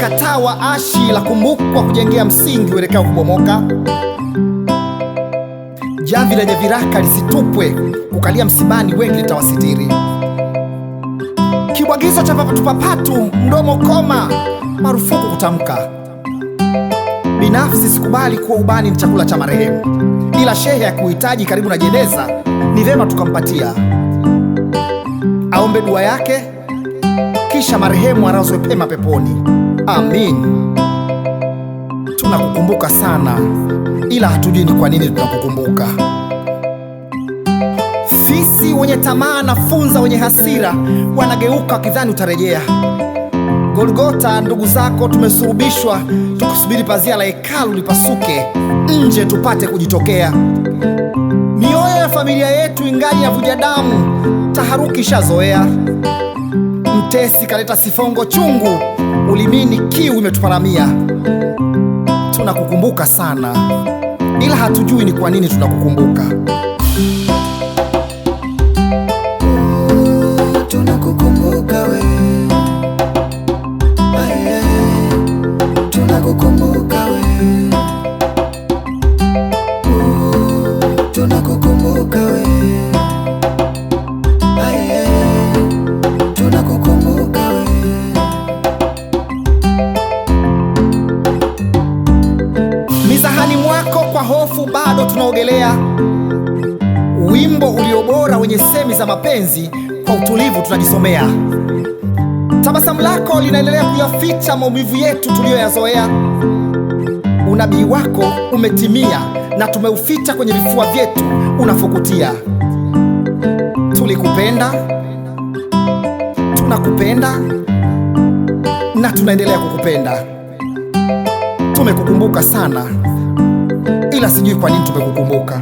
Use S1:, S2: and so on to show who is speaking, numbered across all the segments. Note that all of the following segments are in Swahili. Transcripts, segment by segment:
S1: katawa ashi la kumbukwa kujengea msingi uelekea kubomoka. javi lenye viraka lisitupwe, kukalia msibani wengi litawasitiri. Kibwagizo cha papatupapatu, mdomo koma, marufuku kutamka. Binafsi sikubali kuwa ubani ni chakula cha marehemu, ila shehe ya kuhitaji karibu na jeneza ni vyema tukampatia aombe dua yake, kisha marehemu arazwe pema peponi. Amin. Tunakukumbuka sana, ila hatujui ni kwa nini tunakukumbuka. Fisi wenye tamaa na funza wenye hasira wanageuka wakidhani utarejea. Golgota, ndugu zako tumesurubishwa, tukisubiri pazia la hekalu lipasuke nje tupate kujitokea. Mioyo ya familia yetu ingali ya damu, taharuki ishazoea. Mtesi kaleta sifongo chungu, ulimini kiu imetuparamia. Tunakukumbuka sana, ila hatujui ni kwa nini tunakukumbuka. bado tunaogelea wimbo uliobora wenye semi za mapenzi. Kwa utulivu tunajisomea, tabasamu lako linaendelea kuyaficha maumivu yetu tuliyoyazoea. Unabii wako umetimia na tumeuficha kwenye vifua vyetu unafukutia. Tulikupenda, tunakupenda na tunaendelea kukupenda. Tumekukumbuka sana ila sijui kwa nini tumekukumbuka.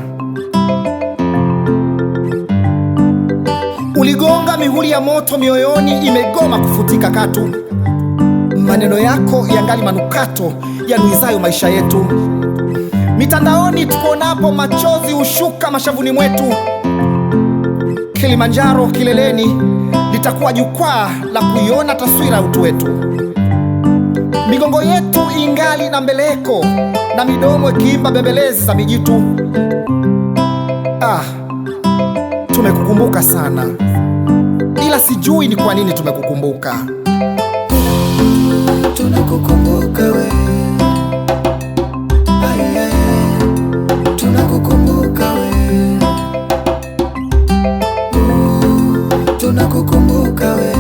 S1: Uligonga mihuri ya moto mioyoni, imegoma kufutika katu. Maneno yako yangali manukato yanuizayo maisha yetu. Mitandaoni tukuonapo, machozi hushuka mashavuni mwetu. Kilimanjaro kileleni litakuwa jukwaa la kuiona taswira ya utu wetu. Migongo yetu ingali na mbeleko na midomo ikiimba bembeleza mijitu. Ah, tumekukumbuka sana, ila sijui ni kwa nini tumekukumbuka. Tunakukumbuka we Tunakukumbuka we